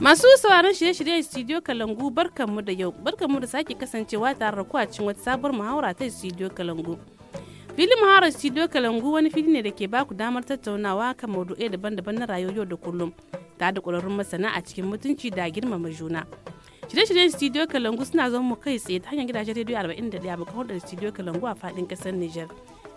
Masu sauraron shirye-shiryen Studio Kalangu barkanmu da yau, barkanmu da sake kasancewa tare da a wata sabuwar muhawara ta Studio Kalangu. Filin muhawarar Studio Kalangu wani fili ne da ke baku damar tattaunawa kan maudu'ai daban-daban na rayuwar yau da kullum, tare da ƙwararrun masana a cikin mutunci da girmama juna. Shirye-shiryen Studio Kalangu suna zama mu kai tsaye ta hanyar gidajen rediyo 41 a bakon da Studio Kalangu a faɗin ƙasar Nijar.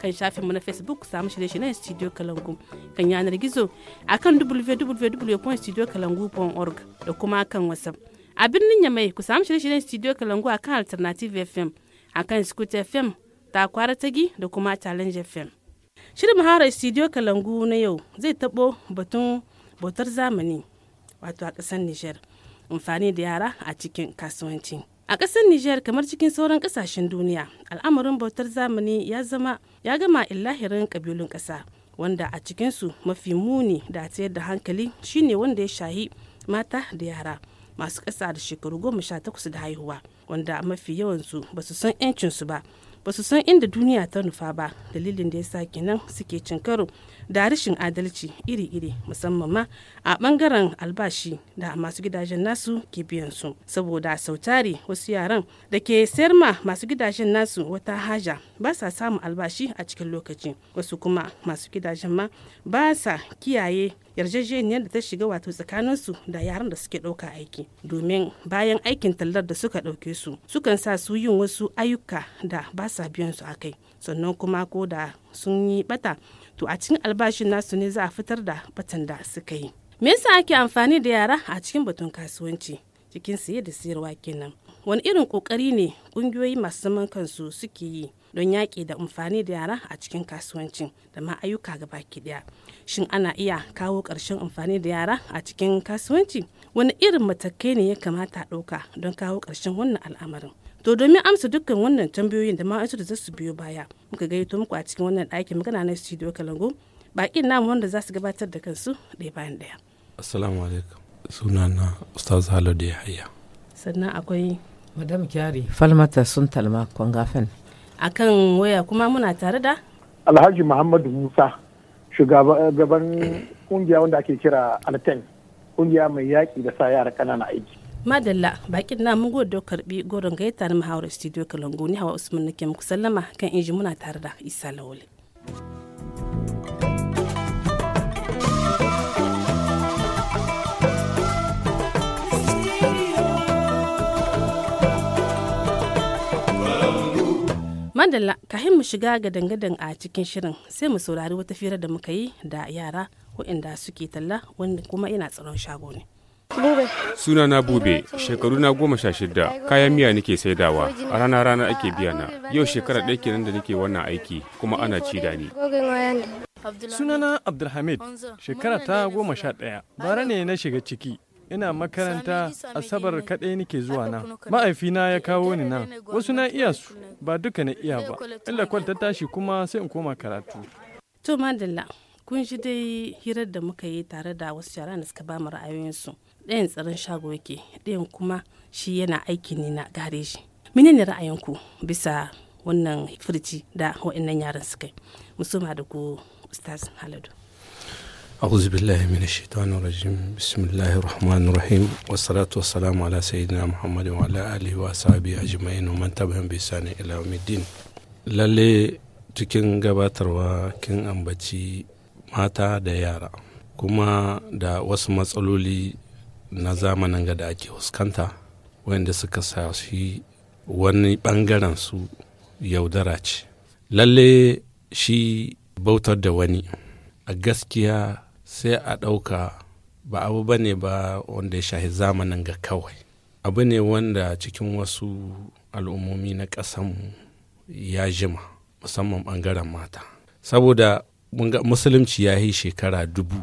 kan shafinmu na facebook samu shirye na studio kalangu kan yanar gizo akan kan www.studiokalangu.org da kuma kan whatsapp a birnin yamai ku samu shirye-shiryen studio kalangu akan alternative fm akan kan scoot fm kwara tagi da kuma challenge fm shirin mahara studio kalangu na yau zai tabo batun bautar zamani wato a ƙasar nijar amfani da yara a cikin kasuwanci A ƙasar Nijar kamar cikin sauran ƙasashen duniya, al'amarin bautar zamani ya zama ya gama illahirin kabilun ƙasa, wanda a cikinsu mafi muni da tsayar da hankali shine wanda ya shahi mata da yara masu ƙasa da shekaru goma sha takwas da haihuwa, wanda mafi yawansu ba su san 'yancinsu ba, ba su san inda duniya ta nufa ba dalilin da ya sa kenan suke cin karo da rashin adalci iri-iri musamman ma a bangaren albashi da masu gidajen nasu ke biyan su saboda sautari wasu yaran da ke sayar ma masu gidajen nasu wata haja ba sa samun albashi a cikin lokaci wasu kuma masu gidajen ma ba sa kiyaye yarjejeniyar da ta shiga wato tsakanin su da yaran da suke ɗauka aiki domin bayan aikin tallar da suka ɗauke su sukan sa su yin wasu ayyuka da ba sa biyan su kai sannan kuma ko da sun yi bata to a cikin albashin nasu ne za a fitar da batan da suka yi me yasa ake amfani da yara a cikin batun kasuwanci cikin siye da siyarwa kenan wani irin kokari ne kungiyoyi masu zaman kansu suke yi don yaƙi da amfani da yara a cikin kasuwancin da ma ayyuka ga baki ɗaya shin ana iya kawo ƙarshen amfani da yara a cikin kasuwanci wani irin matakai ne ya kamata a ɗauka don kawo ƙarshen wannan al'amarin To domin amsa dukkan wannan tambayoyin da ma'aikatu da za su biyo baya muka gaito muku a cikin wannan ɗakin magana na studio Kalangu bakin namu wanda za su gabatar da kansu ɗaya bayan ɗaya. Assalamu alaikum. Sunana Ustaz Haladu Yahaya. Sannan akwai Madam Kyari Falmata sun talma Kwangafen. A kan waya kuma muna tare da? Alhaji Muhammadu Musa shugaban kungiya wanda ake kira Alten kungiya mai yaƙi da sa yara ƙanana aiki. madalla bakin na mun gode karbi goron gaita na muhawar studio kalango ni hawa usman nake muku sallama kan inji muna tare da isa lawale madalla kahin mu shiga ga dangadan a cikin shirin sai mu saurari wata fira da muka yi da yara waɗanda suke talla wanda kuma ina tsaron shago ne Bube. Suna na Bube, shekaru na goma sha shida, kayan miya nake saidawa, a rana rana ake biya na. Yau shekara ɗaya kenan da nake wannan aiki kuma ana ci da ni. Sunana Abdulhamid, shekara ta goma sha ɗaya, bara ne na shiga ciki. Ina makaranta asabar kaɗai nake zuwa nan. Ma'aifina ya kawo ni nan, wasu na iya su, ba duka na iya ba. Illa kwal ta tashi kuma sai in koma karatu. To madalla, kun shi dai hirar da muka yi tare da wasu shara da suka ba mu ra'ayoyinsu. ɗayan tsaron shago yake ɗayan kuma shi yana aiki ne na gareji menene ra'ayinku bisa wannan firci da wa'annan yaran suka yi musamman da ku ustaz haladu أعوذ بالله من الشيطان الرجيم بسم الله الرحمن الرحيم والصلاة والسلام على wa محمد وعلى آله وأصحابه أجمعين ومن تبعهم بإحسان إلى يوم lalle cikin gabatarwa kin ambaci mata da yara kuma da wasu matsaloli na zamanin ga da ake fuskanta wanda suka sa shi wani bangaren su yaudara ce lalle shi bautar da wani a gaskiya sai a ɗauka ba abu ba ne ba wanda ya shahi zamanin ga kawai abu ne wanda cikin wasu al'ummomi na ƙasanmu ya jima musamman ɓangaren mata saboda musulunci ya yi shekara dubu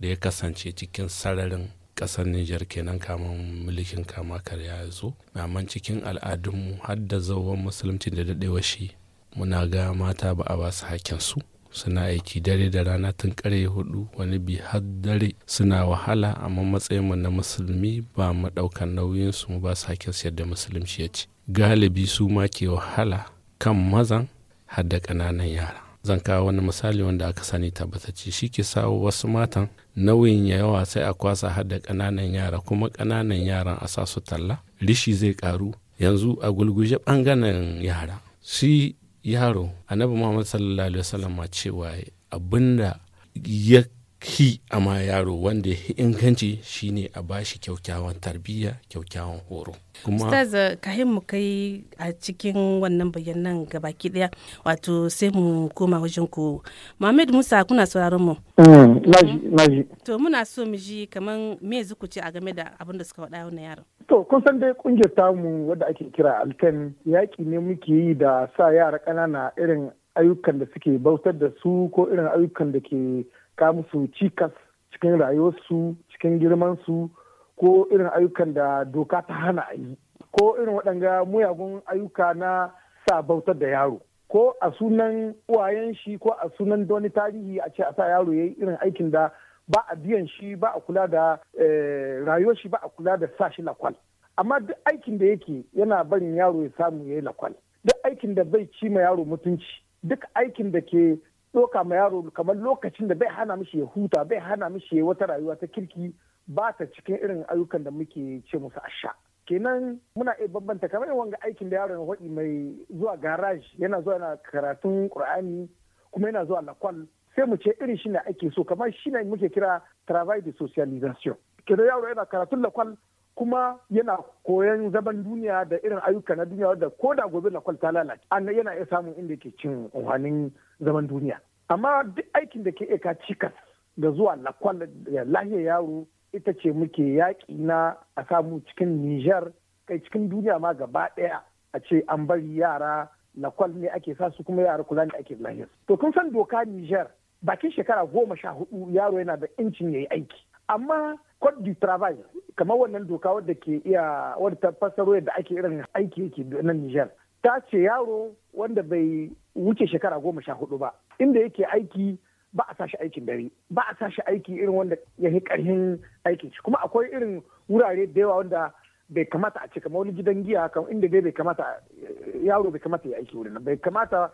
da ya kasance cikin sararin ƙasar Niger kenan kamar mulkin kama karya ya zo. Amma cikin al'adunmu har da zauwan musulunci da daɗewa shi muna ga mata ba a basu su. suna aiki dare da rana tun kare hudu wani bi har dare suna wahala amma mu na musulmi ba mu ɗaukan nauyinsu mu ba su hakin yadda musulunci ya ce galibi su ma ke wahala kan mazan har da ƙananan yara zan kawo wani misali wanda aka sani tabbatacce shi ke sawo wasu matan nauyin ya yawa sai a kwasa har da ƙananan yara kuma ƙananan yaran a sa su talla rishi zai ƙaru yanzu a gulguje ɓangaren yara shi yaro annabi muhammad sallallahu alaihi wasallam cewa abinda ya ki ama yaro wanda ya inganci shine a bashi kyaukyawan tarbiyya kyaukyawan horo kuma ka eh, kahin mu kai a cikin wannan bayanan gabaki daya wato sai mu koma wajen ku Muhammad Musa kuna sauraron mu mm, to muna so mu ji kaman me zuku ce a game da abin da suka faɗa wannan yaron to kun san dai kungiyar tamu wadda ake kira alkan yaki ne muke yi da sa yara ƙanana irin ayyukan da suke bautar da su ko irin ayyukan da ke ka musu cikas cikin rayuwarsu cikin girmansu ko irin ayyukan da doka ta hana a yi ko irin waɗanda muyagun ayyuka na sa bautar da yaro ko a sunan uwayen shi ko a sunan wani tarihi a ce a sa yaro ya yi irin aikin da ba a biyan shi ba a kula da eh, rayuwar shi ba a kula da sa shi lakwal amma duk aikin da yake yana barin yaro ya samu ya yi lakwal duk aikin da bai ci ma yaro mutunci duk aikin da ke ɗoka ma yaro kamar lokacin da bai hana mishi ya huta bai hana mishi ya wata rayuwa ta kirki ba ta cikin irin ayyukan da muke ce musu a sha kenan muna iya bambanta kamar wanga aikin da yaron hodi mai zuwa garage yana zuwa yana karatun qur'ani kuma yana zuwa lakwal sai mu ce irin shine ake so kamar shine muke kira travail de socialisation kenan yaro yana karatun lakwal kuma yana koyon zaman duniya da irin ayyuka na duniya da ko da gobe lakwal ta lalace yana iya samun inda ke cin amfanin zaman duniya amma duk aikin da ke eka cikas da zuwa lakwal da lahiyar yaro ita ce muke yaƙi na a samu cikin Nijar kai cikin duniya ma gaba ɗaya a ce an bari yara lakwal ne ake sa su kuma yara kula ne ake lahiyar. To kun san doka Nijar bakin shekara goma sha hudu yaro yana da incin ya yi aiki. Amma Côte du Travail kamar wannan doka wadda ke iya wadda ta fassaro yadda ake irin aiki yake nan Nijar ta ce yaro wanda bai wuce shekara goma sha hudu ba inda yake aiki ba a sashi aikin dare ba a sashi aiki irin wanda ya yi karhin aikin shi kuma akwai irin wurare da yawa wanda bai kamata a ce kamar wani gidan giya kan inda dai bai kamata yaro bai kamata ya aiki wurin bai kamata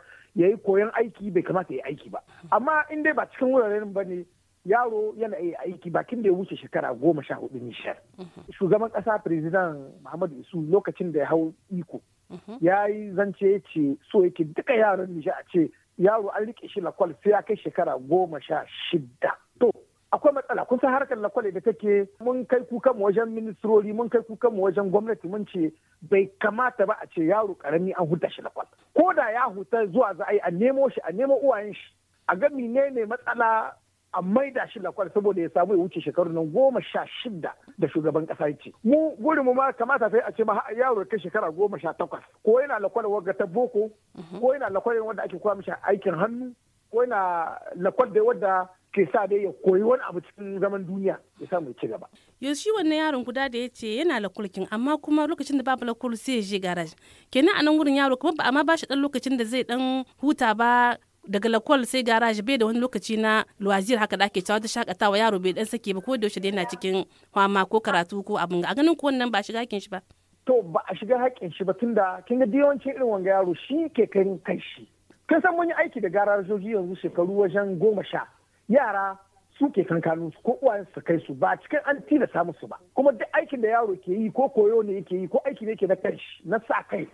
ya yi koyon aiki bai kamata ya aiki ba amma in dai ba cikin wuraren ba ne yaro yana iya aiki bakin da ya wuce shekara goma sha hudu nishar mhm. shugaban kasa firizidan muhammadu isu lokacin da ya hau iko mhm. ya yi zance ce so yake duka yaron nisha a ce yaro an rike shi lakwal sai ya kai shekara goma sha shida. to akwai matsala kun san harkar lakwal da take mun kai kuka mu wajen ministrori mun kai kuka mu wajen gwamnati mun ce bai kamata ba a ce yaro karami an huta shi lakwal ko da ya huta zuwa za a yi a nemo shi a nemo uwayen shi a ga menene matsala a da shi lakwal saboda ya samu ya wuce shekaru nan goma sha shida da shugaban kasa ce mu gurin mu ma kamata sai a ce ma yaro kai shekara goma sha takwas ko yana lakwal wagga ta boko mhm. ko yana lakwal wanda ake koya mishi aikin hannu ko yana lakwal da wadda ke sa dai ya koyi wani abu cikin zaman duniya ya samu ci gaba. shi wannan yaron guda da ya ce yana lakulkin amma kuma lokacin da babu lakul sai ya je garaj. Kenan a nan wurin yaro kuma ba amma ba shi dan lokacin da zai dan huta ba daga lakwal sai garaji bai da wani lokaci na luwazir haka da ake cewa ta shakatawa yaro bai dan sake ba ko da yaushe yana cikin fama ko karatu ko abin a ganin ko wannan ba shiga hakin shi ba to ba a shiga hakin shi ba tunda kin ga diyawancin irin wanga yaro shi ke kai kai shi kin san mun yi aiki da garajoji yanzu shekaru wajen goma sha yara su ke kankanu ko uwayen su kai su ba cikin an tilasta musu ba kuma duk aikin da yaro ke yi ko koyo ne yake yi ko aiki ne yake na kanshi na sa kai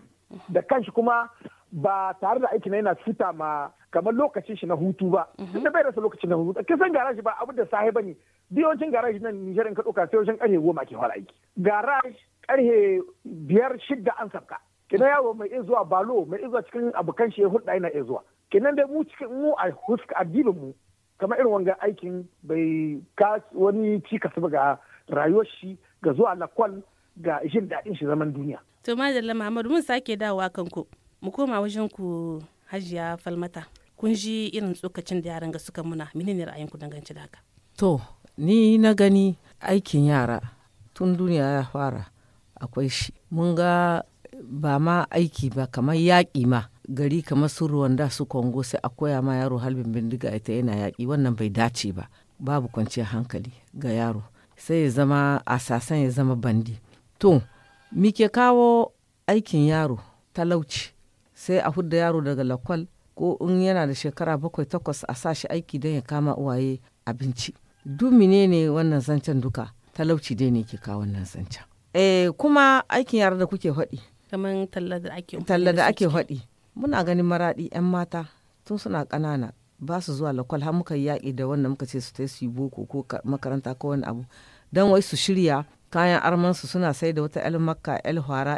da kanshi kuma ba tare da aiki na yana fita ma kamar lokacin shi na hutu ba mhm. tunda bai rasa lokacin na hutu kin san garaji ba abin da ne ne biyancin garaji nan Nijar in ka dauka sai wajen karhe goma ke fara aiki garaji karhe biyar shidda an sabka kina yawo mai iya zuwa balo mai iya zuwa cikin abokan shi hulɗa yana iya zuwa kinan dai mu cikin mu a huska addinin mu kamar irin wanga aikin bai ka wani cikasu ba ga rayuwar shi ga zuwa lakwal ga jin daɗin shi zaman duniya to madalla muhammadu mun sake dawowa kanku mu koma wajen ku hajiya falmata kun ji irin tsokacin da yaran ga suka muna menene ku dangance da haka to ni na gani aikin yara tun duniya ya fara akwai shi mun ga ba ma aiki ba kamar yaƙi ma gari kamar su ruwanda su kongo sai a koya ma yaro halbin bindiga ita yana yaƙi wannan bai dace ba babu kwanciyar hankali ga yaro sai ya zama asasan ya zama bandi to mike kawo aikin yaro talauci sai a hudda yaro daga lakwal ko in yana da shekara bakwai takwas a sa shi aiki don ya kama uwaye abinci duk ne wannan zancen duka talauci dai ne ke kawo wannan zancen eh kuma aikin yara da kuke faɗi kamar talla da ake talla da ake faɗi muna ganin maraɗi 'yan mata tun suna ƙanana ba su zuwa lakwal har muka yaƙi da wannan muka ce su ta su yi boko ko makaranta ko wani abu don wai su shirya kayan armansu suna sai da wata el makka el hwara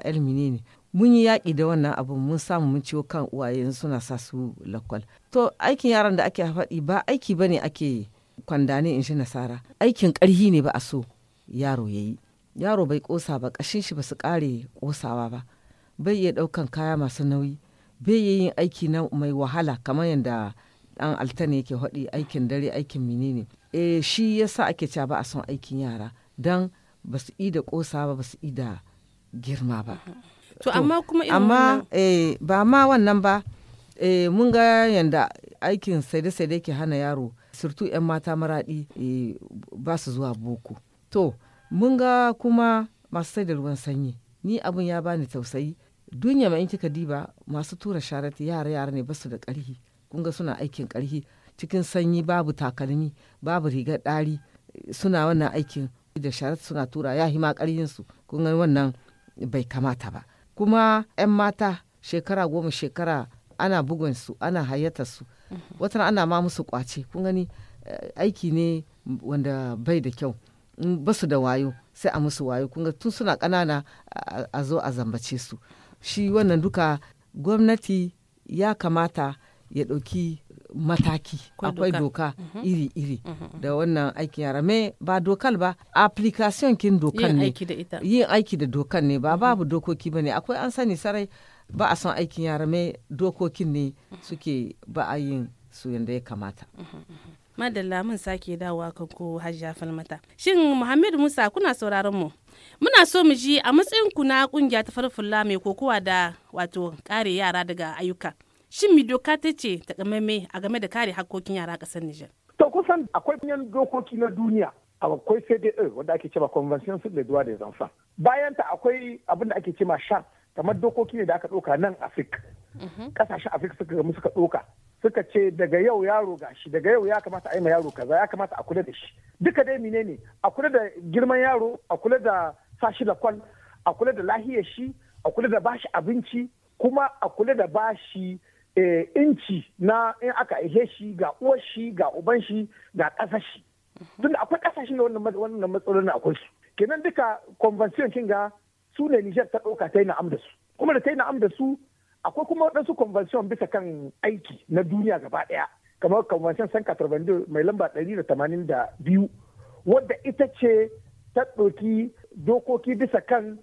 mun yi yaƙi da wannan abin mun samu mun ciwo kan uwaye suna sa su lakwal to aikin yaran da ake faɗi ba aiki ba ne ake kwandane in shi nasara aikin ƙarhi ne ba a so yaro ya yi yaro bai ƙosa ba ƙashin shi ba su ƙare ƙosawa ba bai iya ɗaukan kaya masu nauyi bai iya yin aiki na mai wahala kamar yadda ɗan altane yake haɗi aikin dare aikin menene E, shi yasa ake cewa ba a son aikin yara Dan ba su ida ƙosa ba ba su ida girma ba. to amma kuma amma eh ba ma wannan ba eh, mun ga yanda aikin saide-saide ke hana yaro surtu 'yan mata maraɗi eh, ba su zuwa boko to mun ga kuma masu sai ruwan sanyi ni abun ya bani tausayi dunya ma kika diba masu tura sharati yara yara ne basu da ƙarhi kun ga suna aikin ƙarhi cikin sanyi babu takalmi babu rigar ɗari suna wannan aikin da sharati suna tura ya hima ƙarhinsu. su kun ga wannan bai kamata ba kuma 'yan mata shekara goma shekara ana bugun su ana hayyatar su mhm. watan ana ma musu kwace kun gani eh, aiki ne wanda bai da kyau in ba su da wayo sai a musu wayo kun tun suna ƙanana a zo a zambace su shi wannan duka gwamnati ya kamata ya ɗauki mataki akwai doka mhm. iri-iri mhm. da wannan aiki yara me ba dokal ba application kin dokan ne yin aiki da dokan ne ba mhm. babu dokoki ba ne akwai an sani sarai ba a son aikin yara me dokokin ne suke ba a yin su yadda ya kamata madalla mun sake dawowa kan ko hajja falmata shin muhammad musa kuna sauraron mu muna so mu ji a matsayin ku na kungiya ta farfulla mai kokowa da wato kare yara daga ayyuka Shin mi doka ta ce takamaimai a game da kare hakkokin yara a Nijar? To kusan akwai manyan dokoki na duniya akwai CDE eh, wanda ake cewa Convention sur les droits des enfants. Bayan ta akwai abin da ake cewa sha kamar dokoki ne da aka ɗauka nan Afrika. kasashen mhm. Afrika suka gamu suka ɗauka. Suka ce daga yau yaro gashi daga yau ya kamata a yi ma yaro kaza ya kamata a kula da shi. Duka dai mine ne a kula da girman yaro a kula da sashi da kwal a kula da lahiyar shi a kula da bashi abinci kuma a kula da bashi Eh, inci na in aka ihe shi ga uwar shi ga uban shi ga ƙasar shi mhm. tunda akwai shi da wannan matsalolin akwai su kenan duka convention kin ga su ne Niger ta ɗauka ta yi na'am su kuma da ta yi na'am da su akwai kuma waɗansu convention bisa kan aiki na duniya gaba ɗaya kamar convention san katarbandu mai lamba ɗari da tamanin da biyu wadda ita ce ta ɗauki dokoki bisa kan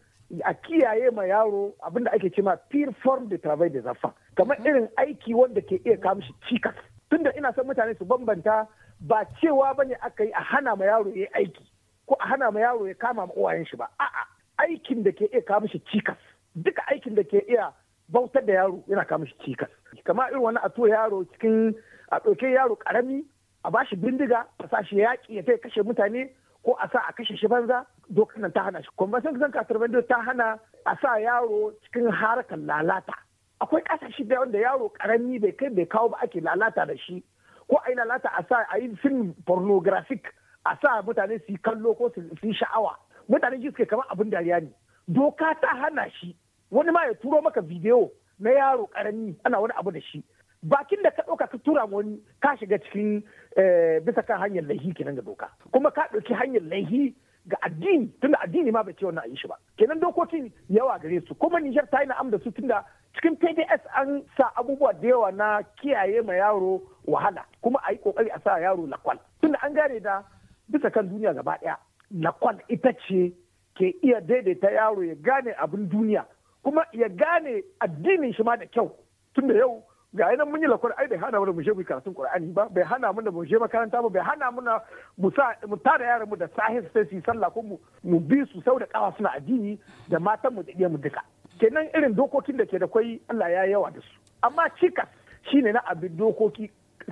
a kiyaye ma yaro abinda ake cema peer form da travail da zafa kamar mhm. irin aiki wanda ke iya kawo shi cikas tunda ina son mutane su bambanta ba cewa ne aka yi a hana ma yaro ya aiki ko a hana ma yaro ya kama ma uwayen shi ba a'a aikin da ke iya kawo shi cikas duka aikin da ke iya bautar da yaro yana kawo shi cikas kamar irin wani a to yaro cikin a ɗauke yaro karami a bashi bindiga a sa shi yaƙi ya kai kashe mutane ko a sa a kashe shi banza dokar nan ta hana shi convention zan kasar ta hana a sa yaro cikin harkar lalata akwai kasashe da wanda yaro karami bai kai bai kawo ba ake lalata da shi ko a yi lalata a sa a yi film pornographic a sa mutane su kallo ko su yi sha'awa mutane ji suke kamar abin dariya ne doka ta hana shi wani ma ya turo maka bidiyo na yaro karami ana wani abu da shi bakin da ka ɗauka ka tura wani ka shiga cikin eh, bisa kan hanyar laihi kenan da doka kuma ka ɗauki hanyar laihi ga addini tunda addini ma bai ce wannan a yi shi ba kenan dokoki yawa gare su kuma Nijar ta yi na'am da su tunda cikin PDS an sa abubuwa da yawa na kiyaye ma yaro wahala kuma a yi kokari a sa yaro lakwal tunda an gane da bisa kan duniya gaba daya lakwal ita ce ke iya daidaita yaro ya gane abin duniya kuma ya gane addinin shi ma da kyau tunda yau ga nan mun yi lakwar ai bai hana mu da mu je mu karatun qur'ani ba bai hana mu da mu je makaranta ba bai hana mu na mu sa mu tada yaran mu da sahih sai su sallah ko mu mu bi su sau da kawa suna addini da matan mu da iyayen mu duka kenan irin dokokin da ke da kwai Allah ya yawa da su amma cikas shine na abin dokoki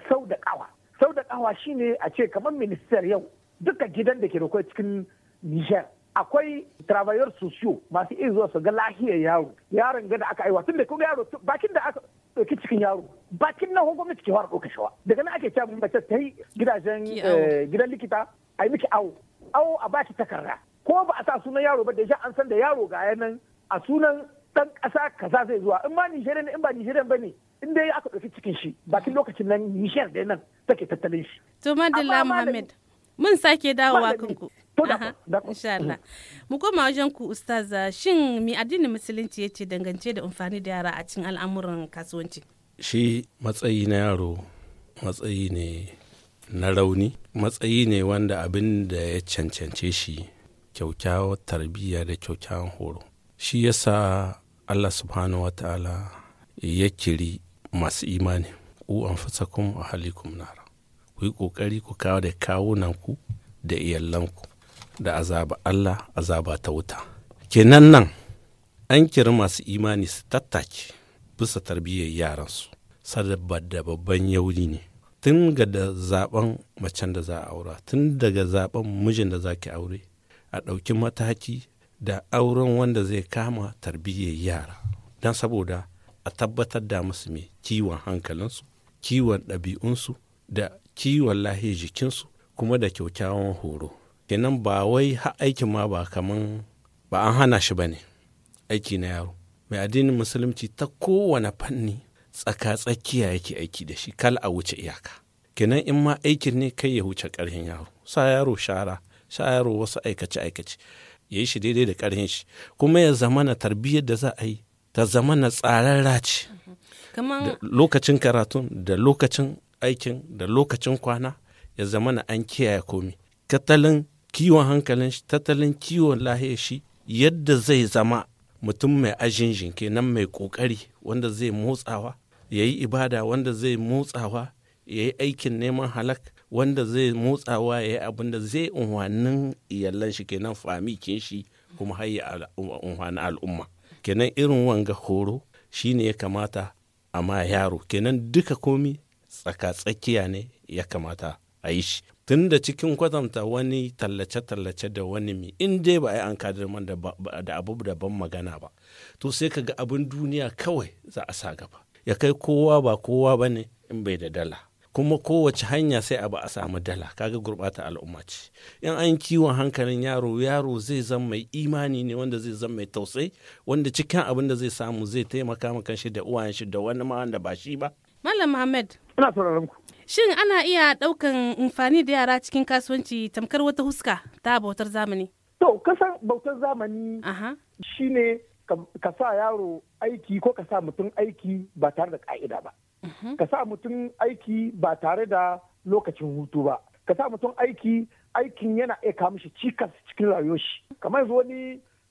sau da kawa sau da kawa shine a ce kamar minister yau duka gidan da ke da kwai cikin Niger akwai travayor sosiyo masu iya zuwa su ga lahiyar yaro yaron ga da aka aiwa tun da kuma yaro bakin da aka ɗauki cikin yaro bakin nan hukumar ke fara ɗauka shawa daga nan ake cewa mace ta yi gidajen eh, gidan likita a yi miki awo awo a baki takarda ko ba a sa sunan yaro ba da ya an san da yaro ga nan a sunan dan ƙasa kaza zai zuwa in ma Nijeriya ne in ba Nijeriya ba ne in dai aka ɗauki cikin shi bakin lokacin nan Nijar da nan take tattalin shi. To Madalla Muhammad. mun sake dawowa kanku insha mu koma wajen ku ustaza shin mi addinin musulunci yace dangance da amfani da yara a cikin al'amuran kasuwanci shi matsayi na yaro matsayi ne na rauni matsayi ne wanda abin da ya cancance shi kyaukyawar tarbiyya da kyaukyawan horo shi yasa Allah subhanahu wa ta'ala ya kiri masu imani u kuma wa halikum nara ku yi ƙoƙari ku kawo da kawunanku da iyalanku da azaba Allah azaba ta wuta kenan nan an kiri masu imani su tattake bisa tarbiyyar yaransu sadabar da babban yauri ne tun ga da zaben macen da za a aura tun daga zaben mijin da za ki aure a ɗauki mataki da auren wanda zai kama tarbiyyar yara don saboda a tabbatar da musu mai kiwon hankalinsu kiwon ɗabi'unsu da kiwon lahiyar jikinsu kuma da kyaukyawan horo kenan ba wai ha aikin ma ba kaman ba an hana shi ba ne aiki na yaro mai addinin musulunci ta kowane fanni tsaka-tsakiya yake aiki da shi kal a wuce iyaka kenan in ma aikin ne kai ya wuce karhin yaro sa yaro shara sa yaro wasu aikace-aikace ya yi shi daidai da karhin shi kuma ya zama na tarbiyyar da za a yi ta zama na tsararra ce lokacin karatun da lokacin aikin da lokacin kwana ya zama na an kiyaye komi tattalin kiwon hankalin shi tattalin kiwon lahiyar shi yadda zai zama mutum mai jinke kenan mai kokari wanda zai motsawa ya yi ibada wanda zai motsawa ya yi aikin neman halak wanda zai motsawa ya yi abin da zai unwanin iyalan shi kenan famikin shi kuma hayya unwanin al'umma kenan irin wanga horo shi ne ya kamata amma yaro kenan duka komi tsaka-tsakiya ne ya kamata a yi shi tun da cikin kwatanta wani tallace-tallace da wani mi in dai ba a yi an kadirman da abu da ban magana ba to sai ka ga abin duniya kawai za a sa gaba ya kai kowa ba kowa ba ne in bai da dala kuma kowace hanya sai a ba a samu dala kaga gurbata al'umma ce in an kiwon hankalin yaro yaro zai zan mai imani ne wanda zai zan mai tausayi wanda cikin abin da zai samu zai taimaka ma shi da uwayen shi da wani ma wanda ba shi ba Malam Muhammad. Ina sauraron ku. Shin ana iya ɗaukan amfani da yara cikin kasuwanci tamkar wata huska ta bautar zamani? To, kasan bautar zamani shi ne ka sa yaro aiki ko ka sa mutum aiki ba tare da ka'ida ba. Mhm. Ka sa mutum aiki ba tare da lokacin hutu ba. Ka sa mutum aiki aikin yana iya kawo mishi cikas cikin rayuwar shi. Kamar yanzu wani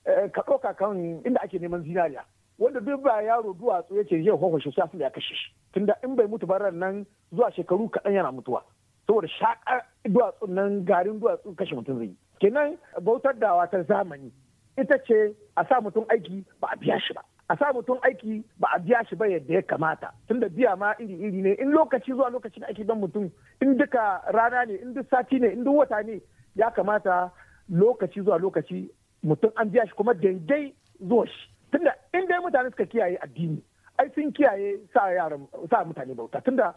eh, ka ɗauka kan inda ake neman zinariya. wanda duk ba yaro duwatsu yake yau kwakwashe sai ya kashe shi tunda in bai mutu ba nan zuwa shekaru kaɗan yana mutuwa saboda shaƙar duwatsun nan garin duwatsu kashe mutum zai yi kenan bautar da wata zamani ita ce a sa mutum aiki ba a biya shi ba a sa mutum aiki ba a biya shi ba yadda ya kamata tunda biya ma iri iri ne in lokaci zuwa lokacin aiki don mutum in duka rana ne in duk sati ne in duk wata ne ya kamata lokaci zuwa lokaci mutum an biya shi kuma daidai zuwa shi tunda in dai mutane suka kiyaye addini ai sun kiyaye sa yaran sa mutane bauta tunda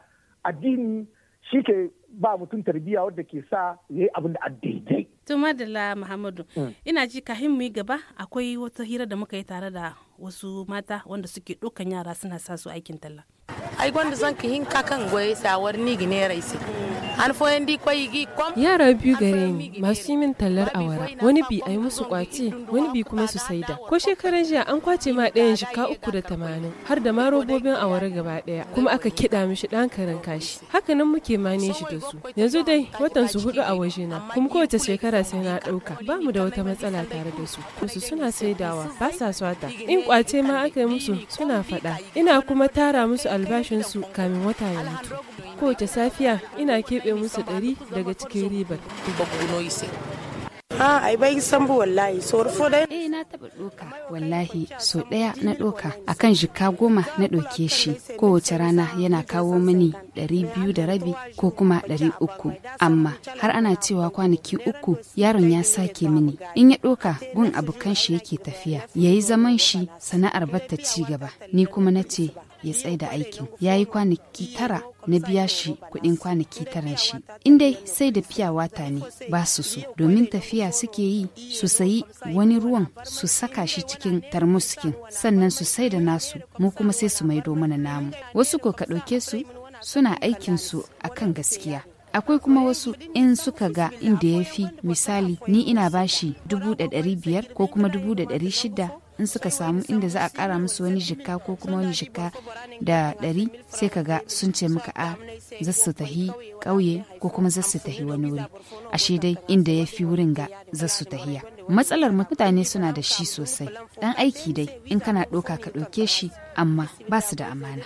addini shi ke ba mutum tarbiyya wadda ke sa yayi abin da a daidai. Tuma da Muhammadu, mm. ina ji kahin mu yi gaba akwai wata hira da muka yi tare da wasu mata wanda suke ɗaukan yara suna sa su aikin talla ai gwanda zan ki hinka kan goye sawar ni gine raisi an foyan di kwayi gi kwam. yara biyu gare ni masu yi min tallar awara wani bi ai musu kwaci wani bi kuma su saida ko shekaran jiya an kwace ma ɗayan shika uku da tamanin har da ma robobin awara gaba ɗaya kuma aka kiɗa mishi ɗan karan kashi haka nan muke mane shi da su yanzu dai watan su hudu a waje na kuma kowace shekara sai na ɗauka ba mu da wata matsala tare da su su suna saidawa ba sa swata in kwace ma aka yi musu suna faɗa ina kuma tara musu albashinsu kamin wata ya mutu kowace safiya ina keɓe musu ɗari daga cikin ribar a ai bai san bu wallahi so rufo dai eh na taba doka wallahi so daya na doka akan jika goma na doke shi kowace rana yana kawo mini 200 da rabi ko kuma 300, amma har ana cewa kwanaki uku yaron ya sake mini in ya doka gun abokan shi yake tafiya yayi zaman shi sana'ar batta ci gaba ni kuma na ce ya tsaye da aikin ya yi kwanaki tara na biya shi kuɗin kwanaki tara shi in dai sai da fiya wata ne ba su so domin tafiya suke yi su sayi wani ruwan su saka shi cikin tarmuskin sannan su sai da nasu mu kuma sai su maido mana namu wasu ko ka ɗauke su suna aikinsu akan gaskiya akwai kuma wasu in suka ga inda ya fi misali ni ina bashi dubu da ɗari biyar ko kuma dubu da ɗari shida in suka samu inda za a kara musu wani jikka ko kuma wani jikka da ɗari sai ka ga sun ce maka a ah, za su tahi ƙauye ko kuma za tahi wani wuri ashe dai inda ya fi wurin ga za su tahiya matsalar mutane suna da shi sosai dan aiki dai in kana ɗoka ka ɗauke shi amma ba su da amana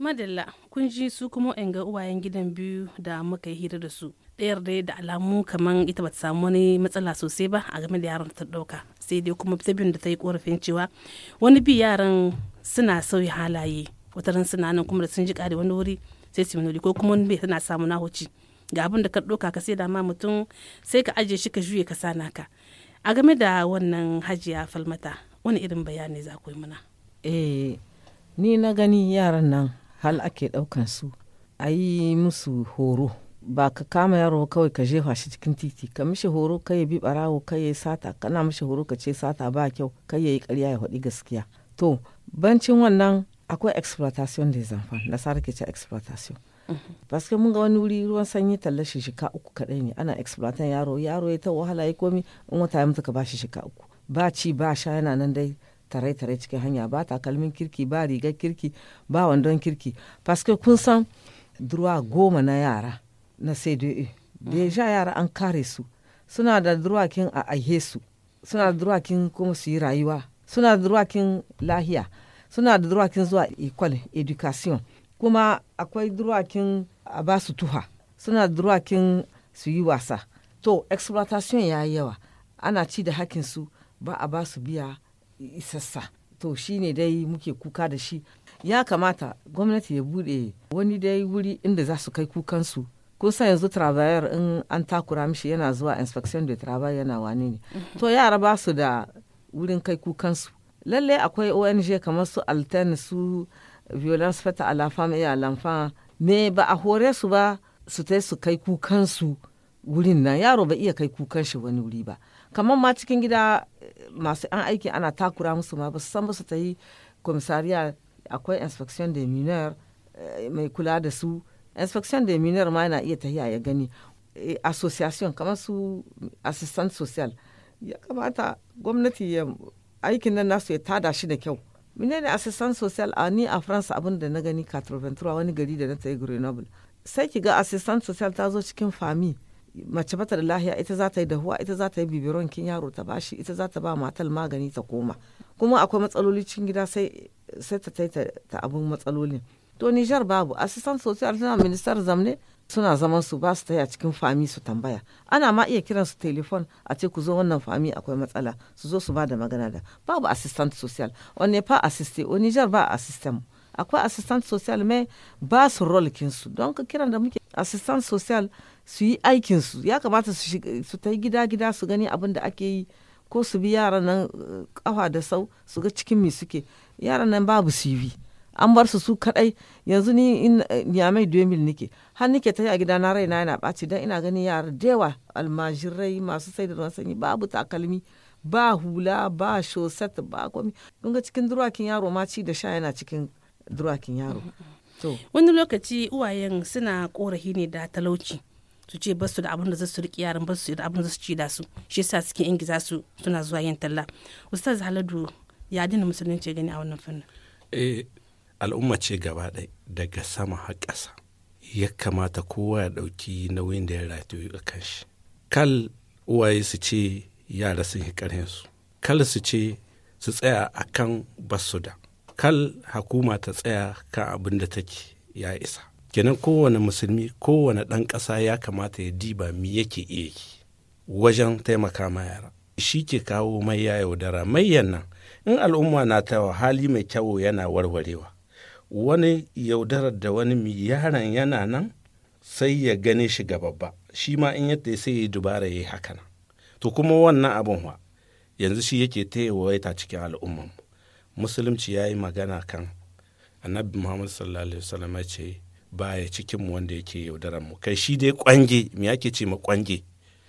madalla kun ji su kuma ga uwayen gidan biyu da muka yi hira da su ɗayar dai da alamu kamar ita bata samu wani matsala sosai ba a game da yaron ta ɗauka sai dai kuma ta da ta yi korafin cewa wani bi yaran suna sauya halaye wataran suna nan kuma da sun ji ƙari wani wuri sai su ko kuma wani bai tana samu na huci ga abin da ka ɗauka ka sai da ma mutum sai ka ajiye shi ka juye ka sana ka a game da wannan hajiya falmata wani irin bayani za ku yi mana eh ni na gani yaran nan hal ake ɗaukan su a yi musu horo ba ka kama yaro kawai ka jefa shi cikin titi ka mishi horo kai ya bi barawo kai ya yi sata kana mishi horo ka ce sata ba kyau kai ya yi karya ya faɗi gaskiya to bancin wannan akwai exploitation da zamfa nasara ke ce exploitation mhm. paske mun ga wani wuri ruwan sanyi talla shi shika uku kaɗai ne ana exploitan yaro yaro ya ta wahala ya komi in wata ya mutu ka ba shi shika uku ba ci ba sha yana nan dai tarai tarai cikin hanya ba takalmin kirki ba rigar kirki ba wandon kirki paske kun san duruwa goma na yara na cde deja yara an kare su suna da durwakin a aihe su suna da durwakin kuma su yi rayuwa suna da durwakin lahiya suna da durwakin zuwa ikwal education kuma akwai durwakin a ba su tuha suna da durwakin su yi wasa to exploitation ya yawa ana ci da hakin su ba a ba su biya isassa to shi ne dai muke kuka da shi ya kamata gwamnati ya bude wani dai wuri inda za su kai kukansu kusan yanzu travayar in an takura mishi yana zuwa inspection de travail yana wani ne to yara ba su da wurin kai kukansu lallai akwai ong kamar su altern su violence fata a la femme et me ba a hore su ba su tai su kai kukansu wurin nan yaro ba iya kai kukan shi wani wuri ba kamar ma cikin gida masu an aiki ana takura musu ma ba su san ba su ta yi akwai inspection de mineur eh, mai kula da su inspection da mineurs ma na iya ta ya gani eh, association kamar su assistant social ya kamata gwamnati ya aikin nan nasu ya tada shi da kyau menene assistant social a ni a france abin da na gani katroventura wani gari da na ta yi grenoble sai ki ga assistant social ta zo cikin fami mace bata da lahiya ita za ta yi dahuwa ita za ta yi bibiron kin yaro ta bashi ita za ta ba matal magani ta koma kuma akwai matsaloli cikin gida sai ta taita ta abin matsalolin to Nijar babu asistan social suna ministar zamne suna zaman su ba su taya cikin fami su tambaya ana ma iya kiran su telefon a ce ku zo wannan fami akwai matsala su zo su ba da magana da babu assistant social wani fa assiste o Nijar ba assistant akwai assistant social mai ba su rolikin su don ka kiran da muke assistant social su yi aikin su ya kamata su ta ta gida gida su gani abin da ake yi ko su bi yaran nan kafa eh, da sau su ga cikin me suke yaran nan babu CV an bar su su kadai yanzu ni in eh, duwe mil nike har nike ta a gida na na yana ɓaci dan ina ganin yara da yawa almajirai masu sai da ruwan sanyi babu takalmi ba hula ba shoset ba komi kun ga cikin durakin yaro ma ci da sha yana cikin durakin yaro wani lokaci uwayen suna korafi ne da talauci su ce basu da abin da zasu riƙe yaran basu da abin da su ci da su shi yasa suke ingiza su suna zuwa yin talla ustaz haladu ya dina musulunci gani a wannan fannin eh, al'umma ce gaba ɗaya daga sama har ƙasa ya kamata kowa ya ɗauki nauyin da ya rataye a kan shi kal uwaye su ce yara sun yi ƙarhinsu kal su ce su tsaya a kan basu da kal hakuma ta tsaya kan abin da take ya isa kenan kowane musulmi kowane ɗan ƙasa ya kamata ya diba mi yake iya ki? wajen taimaka ma yara shi ke kawo mai ya yaudara mai nan in al'umma na ta hali mai kyau yana warwarewa wani yaudarar da wani yaron yana nan sai ya gane shi ga babba shi ma in yadda sai ya dubara ya yi hakan to kuma wannan abin wa yanzu shi yake ta cikin al'umman musulunci ya yi magana kan annabi muhammad sallallahu alaihi wasallam ya ce ya cikinmu wanda yake yaudarar mu kai shi dai kwange mu yake ce ma kwange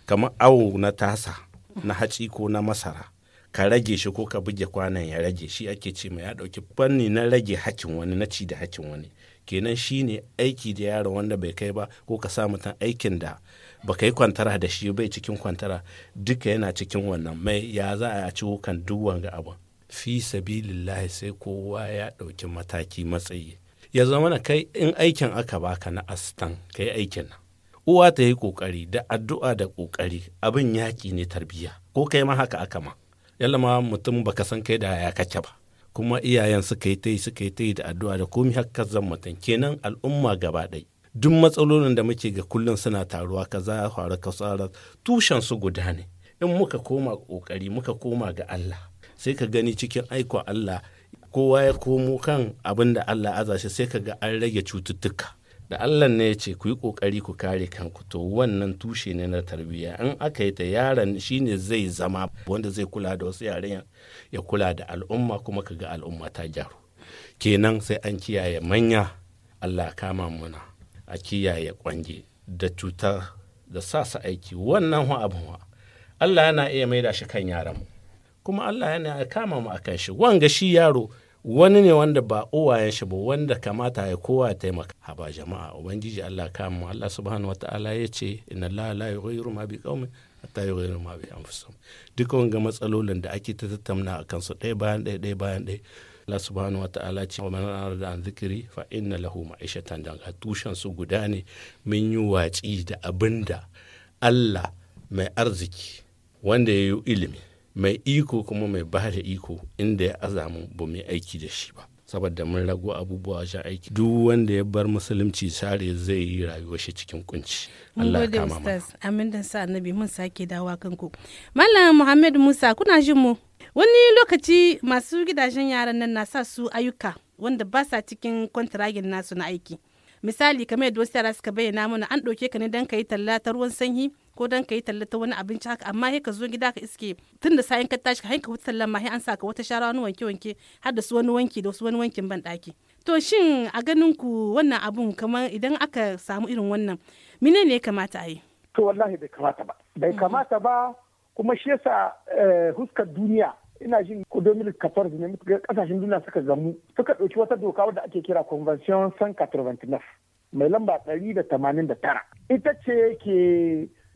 kamar awo na tasa na haci ko na masara ka rage shi ko ka buge kwanan ya rage shi ake ce ma ya ɗauki fanni na rage hakkin wani na ci da hakkin wani kenan shi ne aiki da yaro wanda bai kai ba ko ka sa mutum aikin da ba ka yi kwantara da shi bai cikin kwantara duka yana cikin wannan mai ya za a ci wukan duk wanga abin fi sabilillahi sai kowa ya ɗauki mataki matsayi ya zama na kai in aikin aka baka na astan kai aikin nan uwa ta yi kokari da addu'a da kokari abin yaƙi ne tarbiyya ko kai ma haka aka ma ma mutum baka san kai da ya kace ba kuma iyayen suka yi ta yi suka yi ta yi da addu'a da komi haka zan mutum kenan al'umma gaba ɗai duk matsalolin da muke ga kullum suna taruwa kaza faru kasara tushen su guda ne in muka koma kokari muka koma ga Allah sai ka gani cikin aikon Allah kowa ya komo kan abin da Allah aza sai ka ga an rage cututtuka da allah ne ya ce ku yi ƙoƙari ku kare kanku to wannan tushe ne na tarbiyya in aka yi ta yaron ne zai zama wanda zai kula da wasu yaren ya kula da al'umma kuma ka ga al'umma ta gyaru kenan sai an kiyaye manya allah kama muna a kiyaye kwange da cuta da sa su aiki wannan wa abin wa allah yana iya mai da shi kan yaran mu kuma allah yana kama mu akan shi wanga shi yaro wani ne wanda ba uwayen shi ba wanda kamata ya kowa ya taimaka ba jama'a ubangiji Allah mu Allah subhanahu wataala ya ce inna Allah la yughayyiru ma bi qaumin hatta yughayyiru ma bi anfusihim duka wanga matsalolin da ake ta tattauna akan su ɗaya bayan ɗaya ɗaya bayan ɗaya Allah subhanahu wa ta'ala ce wa man arada an zikiri fa inna lahu ma'ishatan dan tushen su guda ne mun yi watsi da abinda Allah mai arziki wanda ya yi ilimi mai iko kuma mai ba da iko inda ya azamu ba mu aiki da shi ba saboda mun ragu abubuwa shi aiki duk wanda ya bar musulunci sare zai yi rayuwar shi cikin kunci Allah ya kama sa annabi muhammad musa kuna jin mu wani lokaci masu gidajen yaran nan na sa su ayyuka wanda ba sa cikin kwantiragin nasu na aiki misali kamar yadda wasu yara suka bayyana mana an ɗauke ka ne don ka yi talla ta ruwan sanyi ko dan ka yi tallata wani abinci haka amma sai ka zo gida ka iske tun da sayan ka tashi ka hanka wutar lamma sai an ka wata shara wani wanke wanke har da su wani wanki da su wani wankin ban daki to shin a ganin ku wannan abun kamar idan aka samu irin wannan mine ne ya kamata a yi to wallahi bai kamata ba bai mm-hmm. kamata ba kuma shi yasa eh, huskar duniya ina jin ko 2014 ne kasashen duniya suka gamu suka ɗauki wata doka wadda ake kira convention 189 mai lamba 189 ita ce ke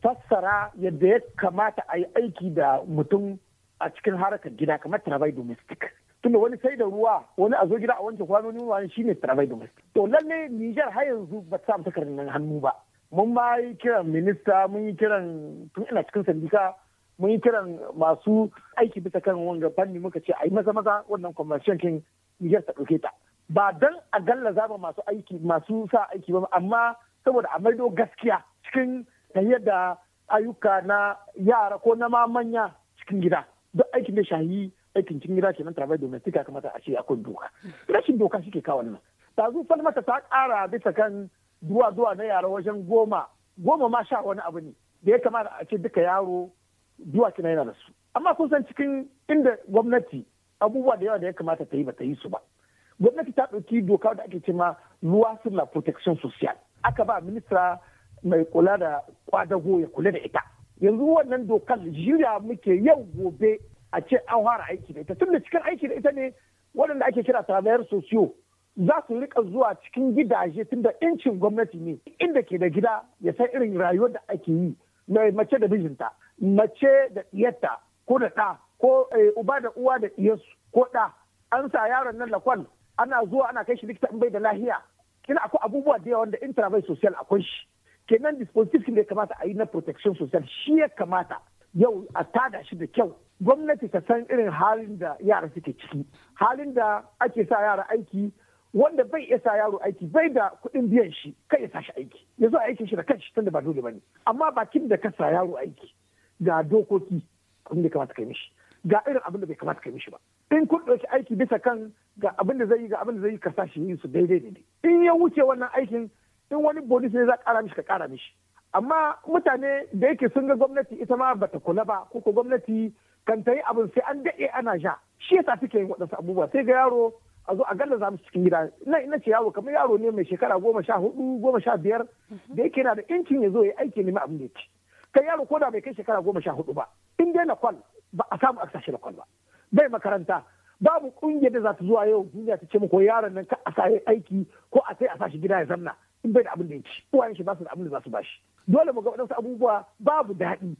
fassara yadda ya kamata a yi aiki da mutum a cikin harakar gida kamar travel domestic tunda wani sai da ruwa wani a zo gida a wanke kwanoni wani ne travel domestic to lalle Nijar har yanzu ba ta samu takardar hannu ba mun ba yi kiran minista mun yi kiran tun ina cikin sandika mun yi kiran masu aiki bisa kan wanga fanni muka ce a yi maza maza wannan convention kin Nijar ta ɗauke ta ba dan a galla zaba masu aiki masu sa aiki ba amma saboda a maido gaskiya cikin tafiyar yadda ayyuka na yara ko na ma manya cikin gida duk aikin da shahi aikin cikin gida kenan travail domestic ya kamata a ce kun doka rashin doka shi ke kawo nan ta tazu falmata ta kara bisa kan duwa-duwa na yara wajen goma goma ma sha wani abu ne da ya kamata a ce duka yaro duwa kina yana da su amma kun san cikin inda gwamnati abubuwa da yawa da ya kamata ta yi ba ta yi su ba gwamnati ta ɗauki doka da ake cema ruwa suna protection social aka ba ministra mai kula da kwadago ya kula da ita yanzu wannan dokar jira muke yau gobe a ce an fara aiki da ita tun da cikin aiki da ita ne waɗanda ake kira travayar sosiyo za su rika zuwa cikin gidaje tun da incin gwamnati ne inda ke da gida ya san irin rayuwar da ake yi mai mace da mijinta mace da ɗiyarta ko da ɗa ko eh, uba da uwa da ɗiyarsu ko ɗa an sa yaron nan lakwal ana zuwa ana kai shi likita in bai da lahiya Ina akwai abubuwa da yawa wanda in social akwai shi kenan dispositif da ya kamata a yi na protection social shi ya kamata yau a tada shi da kyau gwamnati ta san irin halin da yara suke ciki halin da ake sa yara aiki wanda bai iya sa yaro aiki bai da kuɗin biyan shi kai ya sa shi aiki ya zo aikin shi da kanshi tunda ba dole bane amma bakin da ka sa yaro aiki ga dokoki abin da kamata kai mishi ga irin abin da bai kamata kai mishi ba in kun ɗauki aiki bisa kan ga abin da zai yi ga abin da zai yi ka sa shi yin su daidai daidai in ya wuce wannan aikin in wani bonus ne za a kara mishi ka kara mishi amma mutane da yake sun ga gwamnati ita ma bata kula ba ko ko gwamnati kan ta yi abin sai an daɗe ana sha shi yasa suke yin waɗansu abubuwa sai ga yaro a zo a galla za mu cikin gida ina ina ce yaro kamar yaro ne mai shekara goma sha hudu goma sha biyar mhm. da yake na da incin ya zo ya aiki nemi abin da ya ci kai yaro ko da bai kai shekara goma sha hudu ba in dai na kwal ba a samu aka sashi na kwal ba bai makaranta babu ƙungiyar da za ta zuwa yau duniya ta ce muku yaron nan ka a sa aiki ko a sai a sashi gida ya zamna in bai da abin da ya ci uwayen shi ba su da abin da za su bashi dole mu ga wadansu abubuwa babu daɗi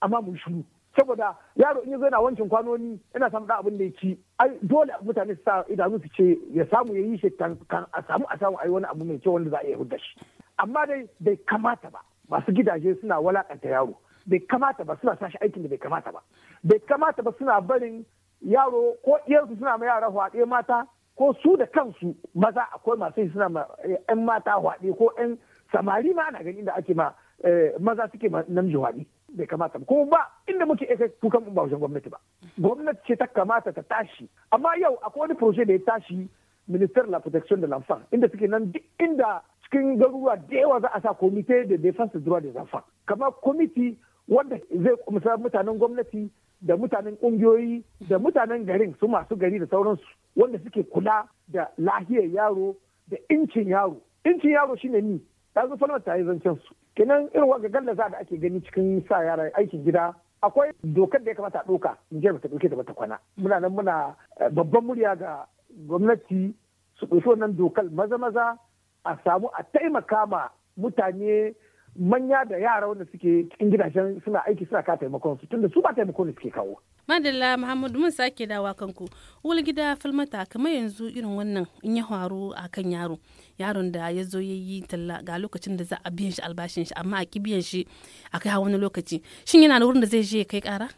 amma mu shiru saboda yaro in ya zo yana wancan kwanoni yana samun abin da ya ci ai dole mutane su sa idanu su ce ya samu ya yi shi kan a samu a samu a yi wani abu mai kyau wanda za a iya hudda shi amma dai bai kamata ba masu gidaje suna walakanta yaro bai kamata ba suna sashi aikin da bai kamata ba bai kamata ba suna barin yaro ko iyarsu suna ma yara haɗe mata ko su da kansu maza akwai masu yi suna yan eh, mata hwaɗe ko yan samari ma ana gani da ake ma eh, maza suke namiji hwaɗe bai kamata ko ba inda muke kai kukan ba wajen gwamnati ba gwamnati ce ta kamata ta tashi amma yau akwai wani proje da ya tashi minister la protection de l'enfant inda suke nan duk inda cikin garuruwa da yawa za a sa komite da defense droit des enfants kamar komiti wanda zai misali mutanen gwamnati da mutanen ƙungiyoyi da mutanen garin su masu gari da sauransu wanda suke kula da lahiyar yaro da incin yaro incin yaro shine ni ɗazu falmar ta yi zancen su Kinan irin wanga za da ake gani cikin sa yara aikin gida akwai dokar da ya kamata a ɗauka in ba ta ɗauke da bata kwana muna nan muna eh, babban murya ga gwamnati su ɗauki wannan dokar maza maza a samu a taimaka ma mutane manya da yara wanda suke cikin gidajen suna aiki suna ka taimakon su tunda su ba taimako ne suke kawo. Madalla Muhammadu mun sake dawa kanku. Wul gida falmata kamar yanzu irin wannan in ya faru a kan yaro. Yaron da ya zo ya yi talla ga lokacin da za a biyan shi albashin shi amma a ki biyan shi a kai wani lokaci. Shin yana da wurin da zai je kai kara?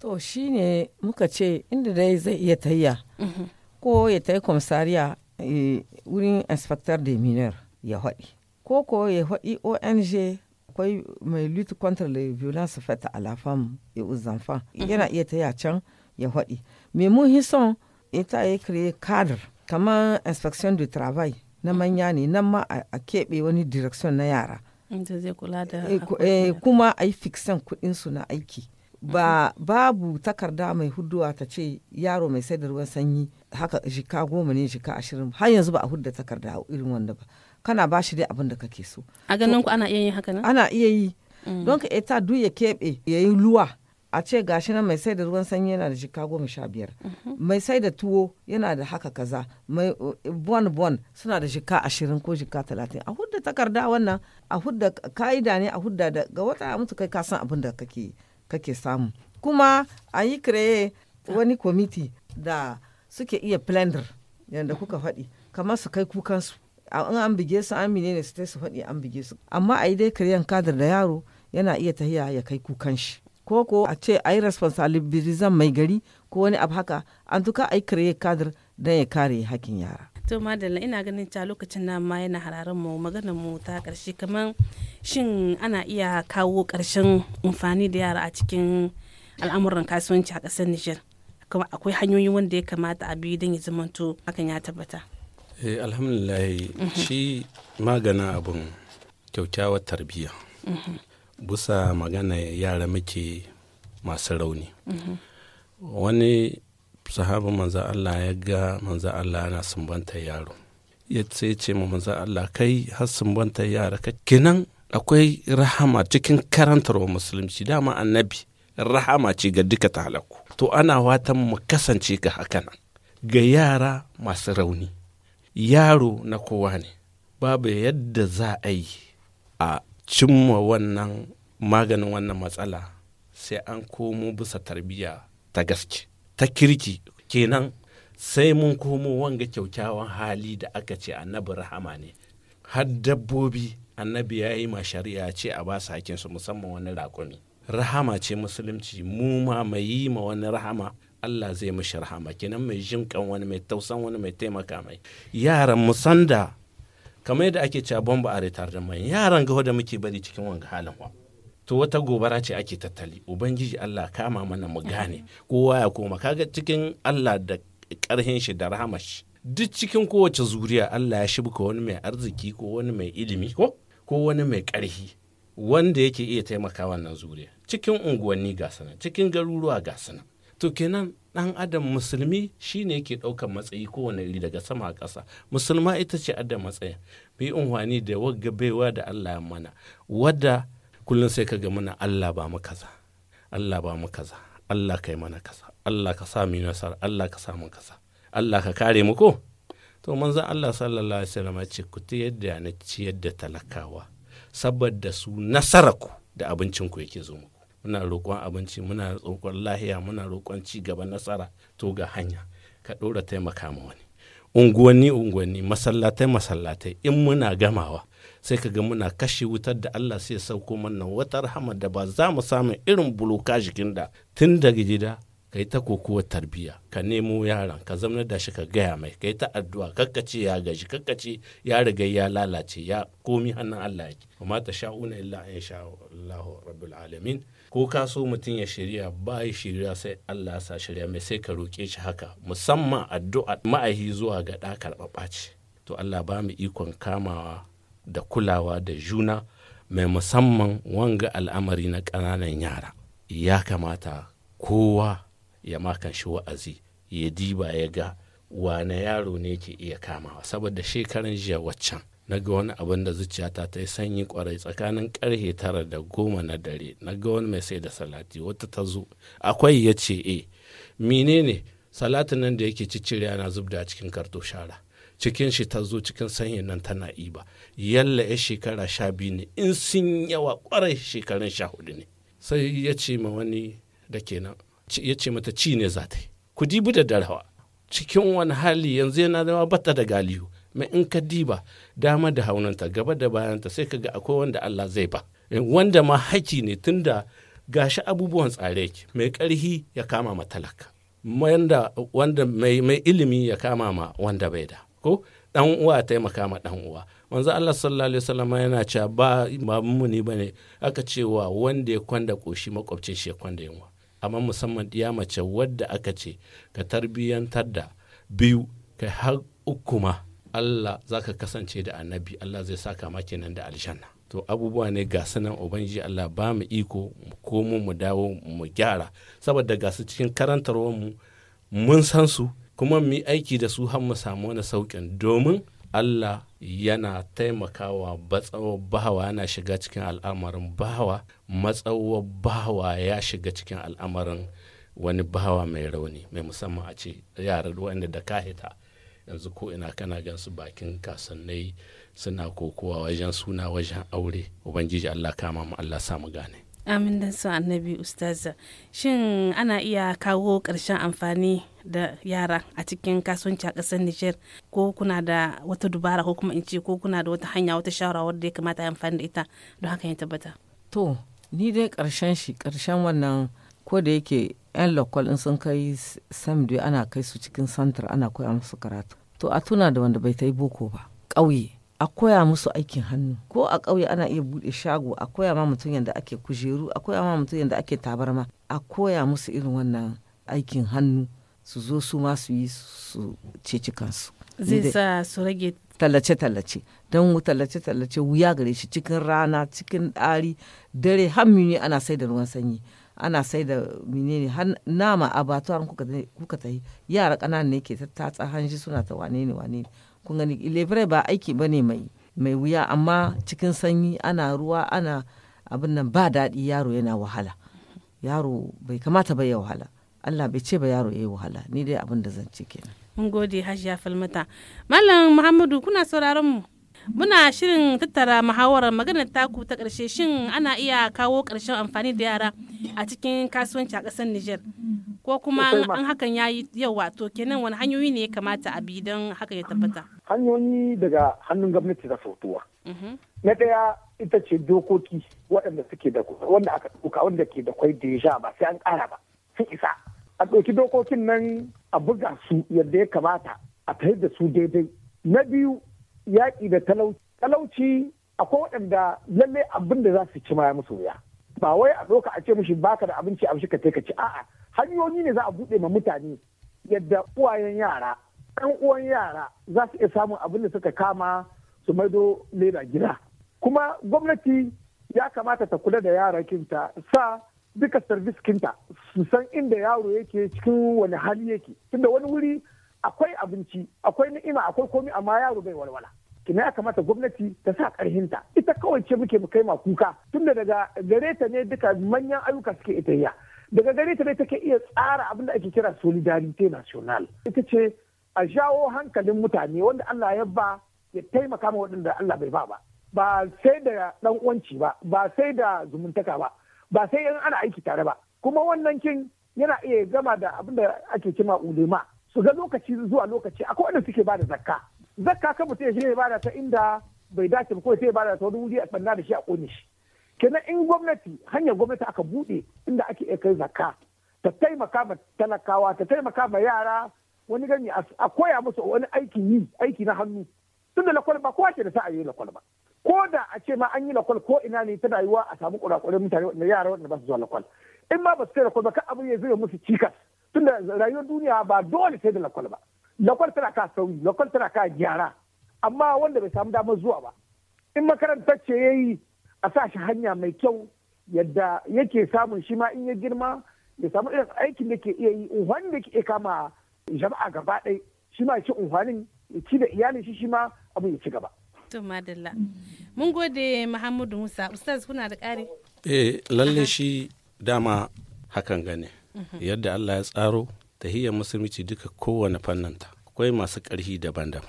To shi ne muka ce inda dai zai iya tayya. Mhm. Ko ya tayi komisariya eh, wurin inspector de mineur ya haɗi. koko ya faɗi ONG akwai mai lutu contre les violence faites à la femme et aux yana iya taya can ya faɗi me mun hison ita ya kire cadre kamar inspection du travail na manya ne nan ma a keɓe wani direction na yara mm, eh, eh, kuma a yi fixen su na aiki mm-hmm. ba babu takarda mai huduwa ta ce yaro mai sai da ruwan sanyi haka jika goma ne jika ashirin har yanzu ba a hudda takarda irin wanda ba kana ba shi dai abin da kake so a ganin ku ana iya yin haka nan ana iya yi mm. don ka ita duk ya keɓe ya yi luwa a ce gashi nan mai sai da ruwan sanyi yana da jika goma sha biyar mhm. mai sai da tuwo yana da haka kaza mai eh, bon bon suna da jika ashirin ko jika talatin a hudda takarda wannan a hudda ka'ida ne a hudda da ga wata mutu kai ka san abin da kake samu kuma a yi kire wani kwamiti da suke iya blender yadda kuka faɗi kamar su kai kukansu in an bige su an mine ne su ta su faɗi an bige su amma a yi dai karyan kadar da yaro yana iya tahiya ya kai kukan shi ko ko a ce a yi responsibilizan mai gari ko wani abu haka an tuka a yi karyan kadar don ya kare hakkin yara to madalla ina ganin cewa lokacin nan ma yana hararin mu maganar mu ta karshe kamar shin ana iya kawo karshen amfani da yara a cikin al'amuran kasuwanci a ƙasar Nijar akwai hanyoyi wanda ya kamata a biyu don ya zamanto hakan ya tabbata eh alhamdulillah shi magana abun kyaukyawar tarbiyya busa magana yara muke masu rauni wani sahabin manzan Allah ya ga manzan Allah yana sumbanta yaro ya sai ce ma manzan Allah kai har sumbanta yara ka kinan akwai rahama cikin karantar karantarwa musulunci dama annabi rahama ce ga duka ta halaku. to ana watan mu kasance ga hakanan ga yara masu rauni yaro na kowa ne babu yadda za a yi a cimma wannan maganin wannan matsala sai an komo bisa tarbiyya ta gaske ta kirki kenan sai mun komo wanga kyaukyawan hali da aka ce annabi rahama ne har dabbobi annabi ya yi shari'a ce a ba su hakinsu musamman wani rakumi rahama ce musulunci mu ma mai yi ma wani rahama Allah zai mishi rahama kenan mai jin kan wani mai tausan wani mai taimaka mai yaran mu sanda kamar yadda ake cewa bomba a retar da mai yaran gaho da muke bari cikin wanga halin wa to wata gobara ce ake tattali ubangiji Allah kama mana mu gane kowa ya koma kaga cikin Allah da karhin shi da rahamar shi duk cikin kowace zuriya Allah ya shibka wani mai arziki ko wani mai ilimi ko ko wani mai karhi wanda yake iya taimaka wannan zuriya cikin unguwanni ga sanan cikin garuruwa ga sanan to kenan dan adam musulmi shine yake ɗaukar matsayi kowane iri daga sama a ƙasa musulma ita ce adam matsayin bi unwani da wagga baiwa da allah ya mana wadda kullum sai ka ga muna allah ba mu kaza allah ba mu kaza allah kai mana kaza allah ka sa mu nasara allah ka sa mu kaza allah ka kare mu ko to manzon allah sallallahu alaihi wasallam ce ku ta yadda na ciyar da talakawa saboda su nasara ku da abincin ku yake zo mu muna roƙon abinci muna roƙon lahiya muna roƙon ci gaban nasara to ga hanya ka ɗora taimaka ma wani unguwanni unguwanni masallatai masallatai in muna gamawa sai ka ga muna kashe wutar da Allah sai sauko mana wata rahama da ba za mu samu irin buluka jikin da tun daga gida ka yi ta kokowar tarbiyya ka nemo yaran ka zama da shi ka gaya mai ka yi ta addu'a kakkace ya gaji kakkace ya riga ya lalace ya komi hannun Allah ya ke ta sha'una illa in sha Allah rabbul alamin ko ka so mutum ya shirya ba ya shirya sai Allah ya sa shirya mai sai ka roƙe shi haka musamman addu'a ma'ahi zuwa ga ɗa karɓaɓa to Allah ba mu ikon kamawa da kulawa da juna mai musamman wanga al'amari na ƙananan yara ya kamata kowa ya makanshi wa'azi ya diba ya ga wane yaro ne ke iya kamawa saboda shekaran jiya waccan na ga wani abin da zuciyata ta yi sanyi kwarai tsakanin karhe tara da goma na dare na ga wani mai sai da salati wata ta zo akwai ya ce e eh, menene salatin nan da yake ciccire yana zubda a cikin karto shara cikin shi ta zo cikin sanyin nan tana iba yalla ya shekara sha biyu ne in sun yawa kwarai shekarun sha hudu ne sai ya ce ma wani da kenan ya ce mata ci ne za ta yi ku dibu da darawa cikin wani hali yanzu yana zama bata da galihu mai in ka diba dama da haunanta gaba da bayanta sai ka ga akwai wanda Allah zai ba eh, wanda ma haki ne tunda gashi abubuwan tsare ki mai ƙarhi ya kama ma talaka wanda wanda mai ilimi ya kama ma wanda bai da ko dan uwa taimaka ma dan uwa manzo Allah sallallahu alaihi wasallam yana cewa ba babu ne bane aka cewa wanda ya kwanda koshi makwabcin shi ya kwanda yunwa amma musamman ya mace wadda aka ce ka tarbiyyantar da biyu kai har uku ma Allah za ka kasance da annabi Allah zai sa kama kenan da aljanna to abubuwa ne ga sanan ubangiji Allah ba mu iko mu mu dawo mu gyara saboda ga su cikin karantarwar mu mun san su kuma mu aiki da su har mu samu wani saukin domin Allah yana taimakawa batsawa bahawa yana shiga cikin al'amarin bahawa matsawa bahawa ya shiga cikin al'amarin wani bahawa mai rauni mai musamman a ce yaran wanda da kahita yanzu ko ina kana gansu bakin kasannai suna kokowa wajen suna wajen aure ubangiji allah kama mu allah samu gane amin dan su annabi ustaza shin ana iya kawo ƙarshen amfani da yara a cikin kasuwanci a ƙasar niger ko kuna da wata dubara ko kuma in ce ko kuna da wata hanya wata shawara wadda ya kamata a amfani da ita don haka ya tabbata to ni dai ƙarshen shi ƙarshen wannan ko da yake yan lokal in sun kai sam ana kai su cikin santar ana koya musu karatu to a tuna da wanda bai ta yi boko ba ƙauye a koya musu aikin hannu ko a ƙauye ana iya buɗe shago a koya ma mutum yadda ake kujeru a koya ma mutum yadda ake tabarma a koya musu irin wannan aikin hannu su zo su ma su yi su ceci kansu zai sa su tallace-tallace don tallace-tallace wuya gare shi cikin rana cikin ɗari dare hammini ana sai da ruwan sanyi ana sai da menene har nama a batuwar kuka ta yi yara ƙanana ne ke tattatsa hanji suna ta wane ne wane ne kun gani lebre ba aiki ba ne mai mai wuya amma cikin sanyi ana ruwa ana abin nan ba daɗi yaro yana wahala yaro bai kamata ba ya wahala Allah bai ce ba yaro ya yi wahala ni dai abin da zan ce kenan mun gode hajiya falmata malam muhammadu kuna sauraron mu muna shirin tattara muhawarar maganar taku ta ƙarshe shin ana iya kawo ƙarshen amfani da yara a cikin kasuwanci a ƙasar Nijar ko kuma an hakan ya yi yau wato kenan wani hanyoyi ne ya kamata a bi don haka ya tabbata. Hanyoyi daga hannun gwamnati da sautuwa. Mhm. Na ɗaya ita ce dokoki waɗanda suke da wanda aka ɗauka wanda ke da kwai deja ba sai an ƙara ba sun isa. A ɗauki dokokin nan a buga su yadda ya kamata a tayar da su daidai. Na biyu yaƙi da talauci talauci akwai waɗanda lallai abin da za su ci ma ya musu wuya ba wai a ɗauka a ce mishi baka da abinci a ka ka ci a'a hanyoyi ne za a buɗe ma mutane yadda uwayen yara ɗan uwan yara za su iya samun abin da suka kama su maido leda gida kuma gwamnati ya kamata ta kula da yara kinta sa duka sarvis kinta su san inda yaro yake cikin wani hali yake tunda wani wuri akwai abinci akwai ni'ima akwai komi amma yaro bai walwala kina ya kamata gwamnati ta sa karhinta ita kawai ce muke mu kai ma kuka tunda daga gare ta ne duka manyan ayyuka suke ita ya. daga gare ta ne take iya tsara abin da ake kira solidarity national ita ce a jawo hankalin mutane wanda Allah ya ba ya taimaka ma waɗanda Allah bai ba ba ba sai da dan uwanci ba ba sai da zumuntaka ba ba sai an ana aiki tare ba kuma wannan kin yana iya gama da abin da ake kima ulema su ga lokaci zuwa lokaci akwai wanda suke bada zakka zakka kan mutum ya shirya ya bada ta inda bai dace ba ko sai ya bada ta wani wuri a tsanna da shi a kone shi kenan in gwamnati hanyar gwamnati aka bude inda ake iya kai zakka ta taimaka ma talakawa ta taimaka ma yara wani gani a koya musu wani aikin yi aiki na hannu tun da lakwal ba kowa ce da sa'a yi lakwal ba ko da a ce ma an yi lakwal ko ina ne ta rayuwa a samu kurakurai mutane wanda yara wanda ba su zuwa lakwal in ma ba su kai lakwal ba kan abin ya zai musu cikas tunda rayuwar duniya ba dole sai da lakwal ba lakwal tana ka sauyi lakwal tana ka gyara amma wanda bai samu damar zuwa ba in makaranta ce ya yi a sa shi hanya mai kyau yadda yake samun shi ma in ya girma ya samu irin aikin da ke iya yi unhwani da ke kama jama'a gaba ɗai shi ma ci unhwanin ya ci da iyalin shi shi ma abu ya ci gaba. To madalla. Mun gode Muhammadu Musa, Ustaz kuna da ƙari? Eh lalle shi dama hakan gane. yadda Allah ya tsaro tahiyyar musulunci duka kowane fannanta akwai masu ƙarfi daban-daban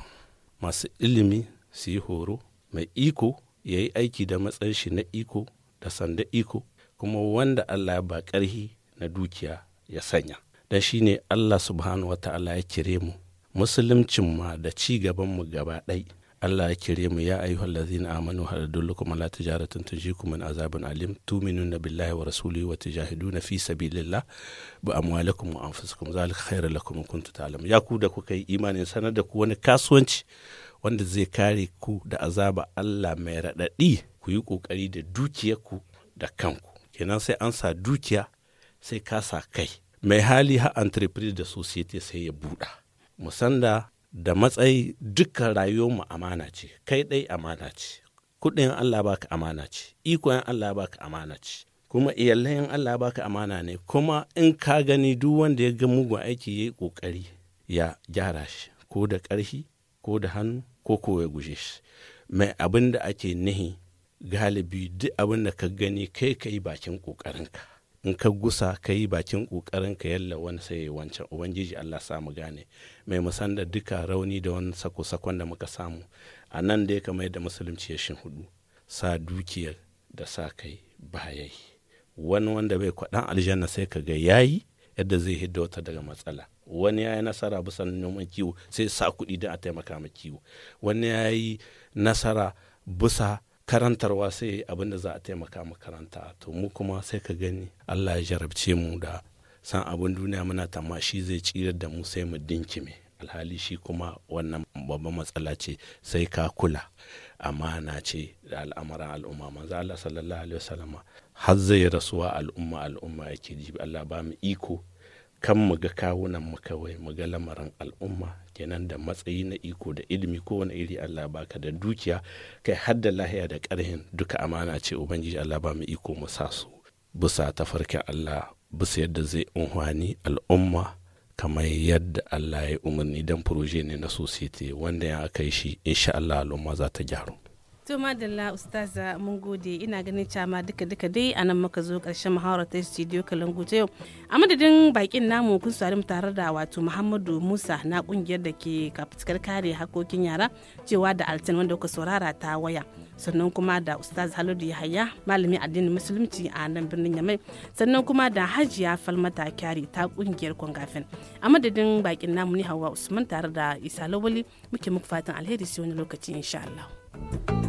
masu ilimi su yi horo mai iko ya yi aiki da matsayin shi na iko da sanda iko kuma wanda Allah ya ba ƙarfi na dukiya ya sanya Dan shi ne Allah subhanahu wa ta'ala ya kire mu musuluncin ma da ci gaban mu gaba ɗai Allah ya kire mu ya ayyuha allazina amanu hal adullukum ala tijaratin tujikum min azabin alim tu'minuna billahi wa rasulihi wa tujahiduna fi sabilillah bi amwalikum wa anfusikum zalika khairul lakum in kuntum ta'lamun ya ku da kuka yi imanin sanar da ku wani kasuwanci wanda zai kare ku da azaba Allah mai radadi ku yi kokari da dukiyarku da kanku kenan sai an sa dukiya sai ka sa kai mai hali ha entreprise da society sai ya buɗa musanda da matsayi dukkan mu amana ce kai ɗai amana ce kuɗin Allah baka amana ce ikon Allah baka amana ce kuma iyalan Allah baka amana ne kuma in ka gani duk wanda ya ga mugun aiki ya yi ƙoƙari ya gyara shi ko da ƙarfi ko da hannu ko ko ya guje shi mai abin da ake nihi galibi duk abin da ka gani kai kai yi bakin ƙoƙarinka in ka gusa ka yi bakin ƙoƙarin ka yalla wani sai wancan ubangiji allah sa mu gane mai musan da duka rauni da wani sako-sakon da muka samu a nan da ya kama da musulunci ya shin hudu sa dukiyar da sa kai ba wani wanda bai kwaɗan aljanna sai ka ga yayi yadda zai hidda wata daga matsala wani ya yi nasara bisa noman kiwo sai sa kuɗi don a taimaka ma kiwo wani ya yi nasara bisa karantarwa sai abin da za a taimaka makaranta to mu kuma sai ka gani allah ya jarabce mu da san abin duniya muna shi zai cirar da mu sai mu dinkime alhali shi kuma wannan babban matsala ce sai ka kula amana ce da al'amuran al'umma manzo Allah sallallahu alaihi wasallama har zai rasuwa al'umma al'umma yake ji Allah ba mu iko kan mu ga kawunan mu kawai mu ga lamarin al'umma kenan da matsayi na iko da ilimi kowane iri Allah baka da dukiya kai har da lahiya da ƙarhin duka amana ce ubangiji Allah ba mu iko mu sa su bisa farkin Allah bisa yadda zai unhwani al'umma kamar yadda Allah ya umarni dan proje ne na society wanda ya aka yi shi insha Allah al'umma za ta gyaru to madalla ustaza mun gode ina ganin cama duka duka dai a nan muka zo karshen muhawarar ta studio kalangu ta yau a madadin bakin namu kun sari mu tare da wato muhammadu musa na kungiyar da ke kafuskar kare hakokin yara cewa da altin wanda kuka saurara ta waya sannan kuma da ustaz haladu yahaya malamin addinin musulunci a nan birnin yamai sannan kuma da hajiya falmata kyari ta kungiyar kwangafin a madadin bakin namu ni hawa usman tare da isa lawali muke muku fatan alheri sai wani lokaci insha Allah.